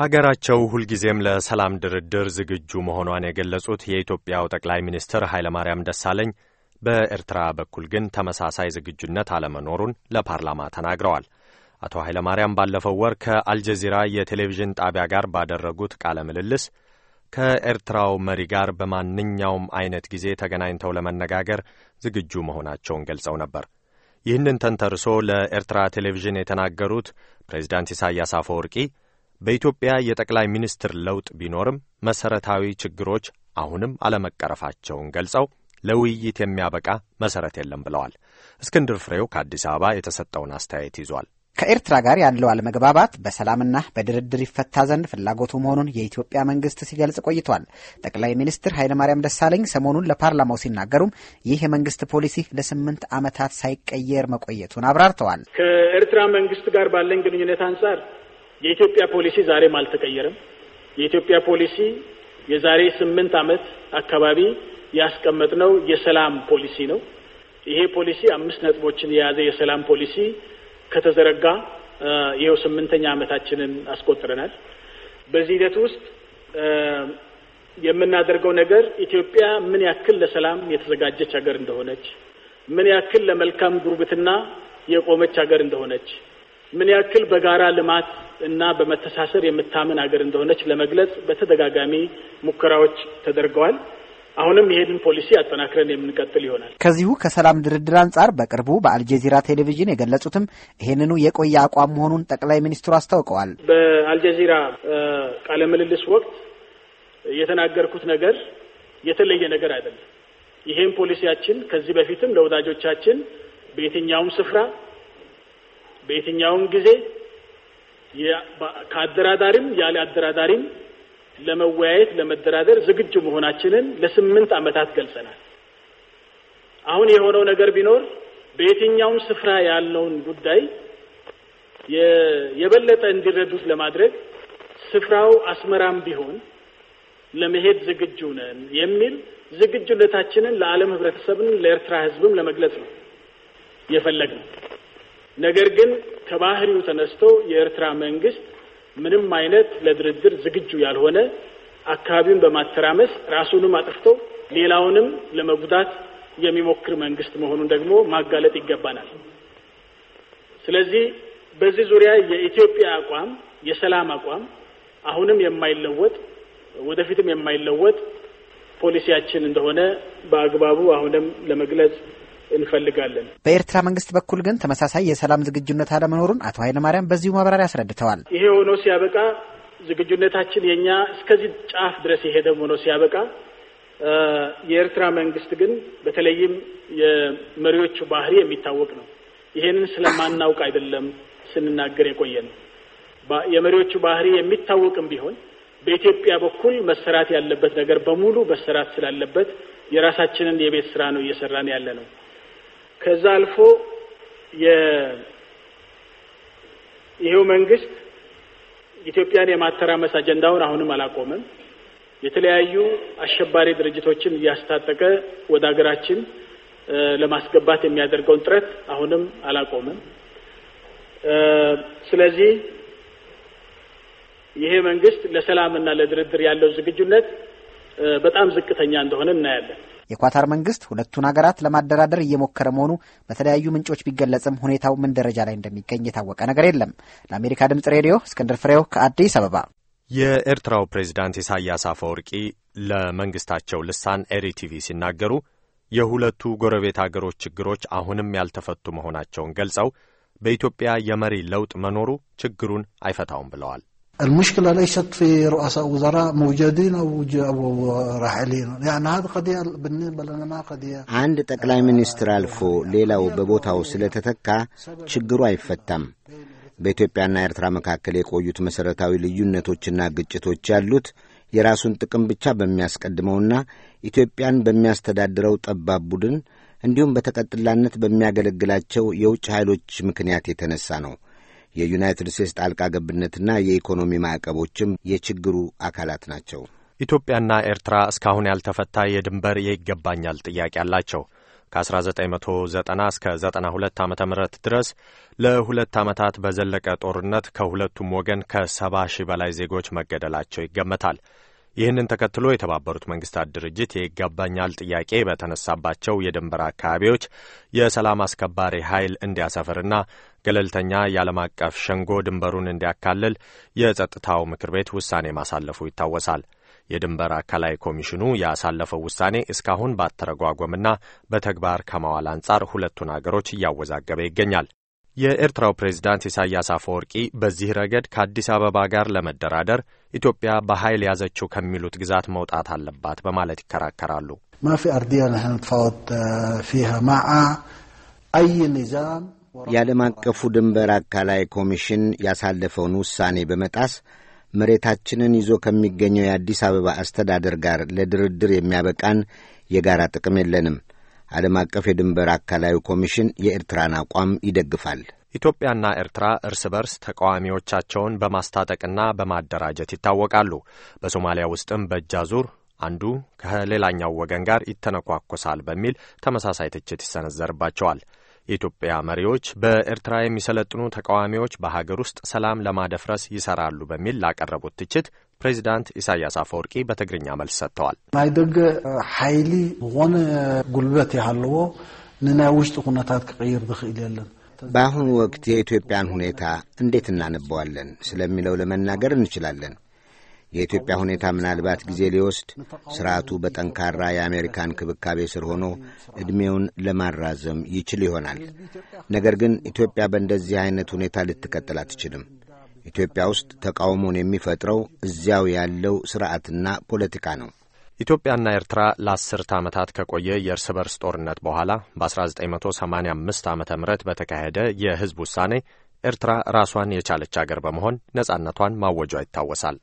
ሀገራቸው ሁልጊዜም ለሰላም ድርድር ዝግጁ መሆኗን የገለጹት የኢትዮጵያው ጠቅላይ ሚኒስትር ኃይለማርያም ደሳለኝ በኤርትራ በኩል ግን ተመሳሳይ ዝግጁነት አለመኖሩን ለፓርላማ ተናግረዋል። አቶ ኃይለማርያም ባለፈው ወር ከአልጀዚራ የቴሌቪዥን ጣቢያ ጋር ባደረጉት ቃለ ምልልስ ከኤርትራው መሪ ጋር በማንኛውም አይነት ጊዜ ተገናኝተው ለመነጋገር ዝግጁ መሆናቸውን ገልጸው ነበር። ይህንን ተንተርሶ ለኤርትራ ቴሌቪዥን የተናገሩት ፕሬዚዳንት ኢሳያስ አፈወርቂ በኢትዮጵያ የጠቅላይ ሚኒስትር ለውጥ ቢኖርም መሠረታዊ ችግሮች አሁንም አለመቀረፋቸውን ገልጸው ለውይይት የሚያበቃ መሠረት የለም ብለዋል። እስክንድር ፍሬው ከአዲስ አበባ የተሰጠውን አስተያየት ይዟል። ከኤርትራ ጋር ያለው አለመግባባት በሰላምና በድርድር ይፈታ ዘንድ ፍላጎቱ መሆኑን የኢትዮጵያ መንግስት ሲገልጽ ቆይቷል። ጠቅላይ ሚኒስትር ኃይለማርያም ደሳለኝ ሰሞኑን ለፓርላማው ሲናገሩም ይህ የመንግስት ፖሊሲ ለስምንት ዓመታት ሳይቀየር መቆየቱን አብራርተዋል። ከኤርትራ መንግስት ጋር ባለን ግንኙነት አንጻር የኢትዮጵያ ፖሊሲ ዛሬም አልተቀየረም። የኢትዮጵያ ፖሊሲ የዛሬ ስምንት ዓመት አካባቢ ያስቀመጥነው የሰላም ፖሊሲ ነው። ይሄ ፖሊሲ አምስት ነጥቦችን የያዘ የሰላም ፖሊሲ ከተዘረጋ ይኸው ስምንተኛ ዓመታችንን አስቆጥረናል። በዚህ ሂደት ውስጥ የምናደርገው ነገር ኢትዮጵያ ምን ያክል ለሰላም የተዘጋጀች ሀገር እንደሆነች፣ ምን ያክል ለመልካም ጉርብትና የቆመች ሀገር እንደሆነች ምን ያክል በጋራ ልማት እና በመተሳሰር የምታምን ሀገር እንደሆነች ለመግለጽ በተደጋጋሚ ሙከራዎች ተደርገዋል። አሁንም ይሄንን ፖሊሲ አጠናክረን የምንቀጥል ይሆናል። ከዚሁ ከሰላም ድርድር አንጻር በቅርቡ በአልጀዚራ ቴሌቪዥን የገለጹትም ይህንኑ የቆየ አቋም መሆኑን ጠቅላይ ሚኒስትሩ አስታውቀዋል። በአልጀዚራ ቃለ ምልልስ ወቅት የተናገርኩት ነገር የተለየ ነገር አይደለም። ይሄን ፖሊሲያችን ከዚህ በፊትም ለወዳጆቻችን በየትኛውም ስፍራ በየትኛውም ጊዜ ከአደራዳሪም ያለ አደራዳሪም ለመወያየት ለመደራደር ዝግጁ መሆናችንን ለስምንት ዓመታት ገልጸናል። አሁን የሆነው ነገር ቢኖር በየትኛውም ስፍራ ያለውን ጉዳይ የበለጠ እንዲረዱት ለማድረግ ስፍራው አስመራም ቢሆን ለመሄድ ዝግጁ ነን የሚል ዝግጁነታችንን ለዓለም ህብረተሰብን ለኤርትራ ህዝብም ለመግለጽ ነው የፈለግነው። ነገር ግን ከባህሪው ተነስቶ የኤርትራ መንግስት ምንም አይነት ለድርድር ዝግጁ ያልሆነ አካባቢውን በማተራመስ ራሱንም አጥፍቶ ሌላውንም ለመጉዳት የሚሞክር መንግስት መሆኑን ደግሞ ማጋለጥ ይገባናል። ስለዚህ በዚህ ዙሪያ የኢትዮጵያ አቋም የሰላም አቋም አሁንም የማይለወጥ ወደፊትም የማይለወጥ ፖሊሲያችን እንደሆነ በአግባቡ አሁንም ለመግለጽ እንፈልጋለን። በኤርትራ መንግስት በኩል ግን ተመሳሳይ የሰላም ዝግጁነት አለመኖሩን አቶ ኃይለማርያም በዚሁ ማብራሪያ አስረድተዋል። ይሄ ሆኖ ሲያበቃ ዝግጁነታችን የእኛ እስከዚህ ጫፍ ድረስ የሄደም ሆኖ ሲያበቃ የኤርትራ መንግስት ግን በተለይም የመሪዎቹ ባህሪ የሚታወቅ ነው። ይሄንን ስለማናውቅ አይደለም ስንናገር የቆየ ነው። የመሪዎቹ ባህሪ የሚታወቅም ቢሆን በኢትዮጵያ በኩል መሰራት ያለበት ነገር በሙሉ መሰራት ስላለበት የራሳችንን የቤት ስራ ነው እየሰራን ያለ ነው። ከዛ አልፎ ይሄው መንግስት ኢትዮጵያን የማተራመስ አጀንዳውን አሁንም አላቆመም። የተለያዩ አሸባሪ ድርጅቶችን እያስታጠቀ ወደ ሀገራችን ለማስገባት የሚያደርገውን ጥረት አሁንም አላቆመም። ስለዚህ ይሄ መንግስት ለሰላምና ለድርድር ያለው ዝግጁነት በጣም ዝቅተኛ እንደሆነ እናያለን። የኳታር መንግስት ሁለቱን ሀገራት ለማደራደር እየሞከረ መሆኑ በተለያዩ ምንጮች ቢገለጽም ሁኔታው ምን ደረጃ ላይ እንደሚገኝ የታወቀ ነገር የለም። ለአሜሪካ ድምጽ ሬዲዮ እስክንድር ፍሬው ከአዲስ አበባ። የኤርትራው ፕሬዚዳንት ኢሳያስ አፈወርቂ ለመንግስታቸው ልሳን ኤሪቲቪ ሲናገሩ የሁለቱ ጎረቤት አገሮች ችግሮች አሁንም ያልተፈቱ መሆናቸውን ገልጸው በኢትዮጵያ የመሪ ለውጥ መኖሩ ችግሩን አይፈታውም ብለዋል። المشكلة ليست في رؤساء وزراء موجودين أو راحلين يعني هذا قضية بالنسبة لنا ما قضية አንድ ጠቅላይ ሚኒስትር አልፎ ሌላው በቦታው ስለተተካ ችግሩ አይፈታም። በኢትዮጵያና ኤርትራ መካከል የቆዩት መሠረታዊ ልዩነቶችና ግጭቶች ያሉት የራሱን ጥቅም ብቻ በሚያስቀድመውና ኢትዮጵያን በሚያስተዳድረው ጠባብ ቡድን እንዲሁም በተቀጥላነት በሚያገለግላቸው የውጭ ኃይሎች ምክንያት የተነሳ ነው። የዩናይትድ ስቴትስ ጣልቃ ገብነትና የኢኮኖሚ ማዕቀቦችም የችግሩ አካላት ናቸው። ኢትዮጵያና ኤርትራ እስካሁን ያልተፈታ የድንበር የይገባኛል ጥያቄ አላቸው። ከ1990 እስከ 92 ዓ ም ድረስ ለሁለት ዓመታት በዘለቀ ጦርነት ከሁለቱም ወገን ከ70 ሺህ በላይ ዜጎች መገደላቸው ይገመታል። ይህንን ተከትሎ የተባበሩት መንግስታት ድርጅት የይገባኛል ጥያቄ በተነሳባቸው የድንበር አካባቢዎች የሰላም አስከባሪ ኃይል እንዲያሰፍርና ገለልተኛ የዓለም አቀፍ ሸንጎ ድንበሩን እንዲያካልል የጸጥታው ምክር ቤት ውሳኔ ማሳለፉ ይታወሳል። የድንበር አካላዊ ኮሚሽኑ ያሳለፈው ውሳኔ እስካሁን ባተረጓጎምና በተግባር ከማዋል አንጻር ሁለቱን አገሮች እያወዛገበ ይገኛል። የኤርትራው ፕሬዚዳንት ኢሳያስ አፈወርቂ በዚህ ረገድ ከአዲስ አበባ ጋር ለመደራደር ኢትዮጵያ በኃይል ያዘችው ከሚሉት ግዛት መውጣት አለባት በማለት ይከራከራሉ። ማፊ አርዲያ ንሕን ፊሃ ማዓ አይ ኒዛም የዓለም አቀፉ ድንበር አካላይ ኮሚሽን ያሳለፈውን ውሳኔ በመጣስ መሬታችንን ይዞ ከሚገኘው የአዲስ አበባ አስተዳደር ጋር ለድርድር የሚያበቃን የጋራ ጥቅም የለንም። ዓለም አቀፍ የድንበር አካላዊ ኮሚሽን የኤርትራን አቋም ይደግፋል። ኢትዮጵያና ኤርትራ እርስ በርስ ተቃዋሚዎቻቸውን በማስታጠቅና በማደራጀት ይታወቃሉ። በሶማሊያ ውስጥም በእጃዙር አንዱ ከሌላኛው ወገን ጋር ይተነኳኮሳል በሚል ተመሳሳይ ትችት ይሰነዘርባቸዋል። የኢትዮጵያ መሪዎች በኤርትራ የሚሰለጥኑ ተቃዋሚዎች በሀገር ውስጥ ሰላም ለማደፍረስ ይሰራሉ በሚል ላቀረቡት ትችት ፕሬዚዳንት ኢሳያስ አፈወርቂ በትግርኛ መልስ ሰጥተዋል። ናይ ደገ ሓይሊ ዝኾነ ጉልበት ያሃለዎ ንናይ ውሽጢ ኩነታት ክቀይር ዝኽእል የለን። በአሁኑ ወቅት የኢትዮጵያን ሁኔታ እንዴት እናነበዋለን ስለሚለው ለመናገር እንችላለን የኢትዮጵያ ሁኔታ ምናልባት ጊዜ ሊወስድ ስርዓቱ በጠንካራ የአሜሪካ እንክብካቤ ስር ሆኖ ዕድሜውን ለማራዘም ይችል ይሆናል። ነገር ግን ኢትዮጵያ በእንደዚህ አይነት ሁኔታ ልትቀጥል አትችልም። ኢትዮጵያ ውስጥ ተቃውሞን የሚፈጥረው እዚያው ያለው ስርዓትና ፖለቲካ ነው። ኢትዮጵያና ኤርትራ ለአስርተ ዓመታት ከቆየ የእርስ በርስ ጦርነት በኋላ በ1985 ዓ ም በተካሄደ የህዝብ ውሳኔ ኤርትራ ራሷን የቻለች አገር በመሆን ነጻነቷን ማወጇ ይታወሳል።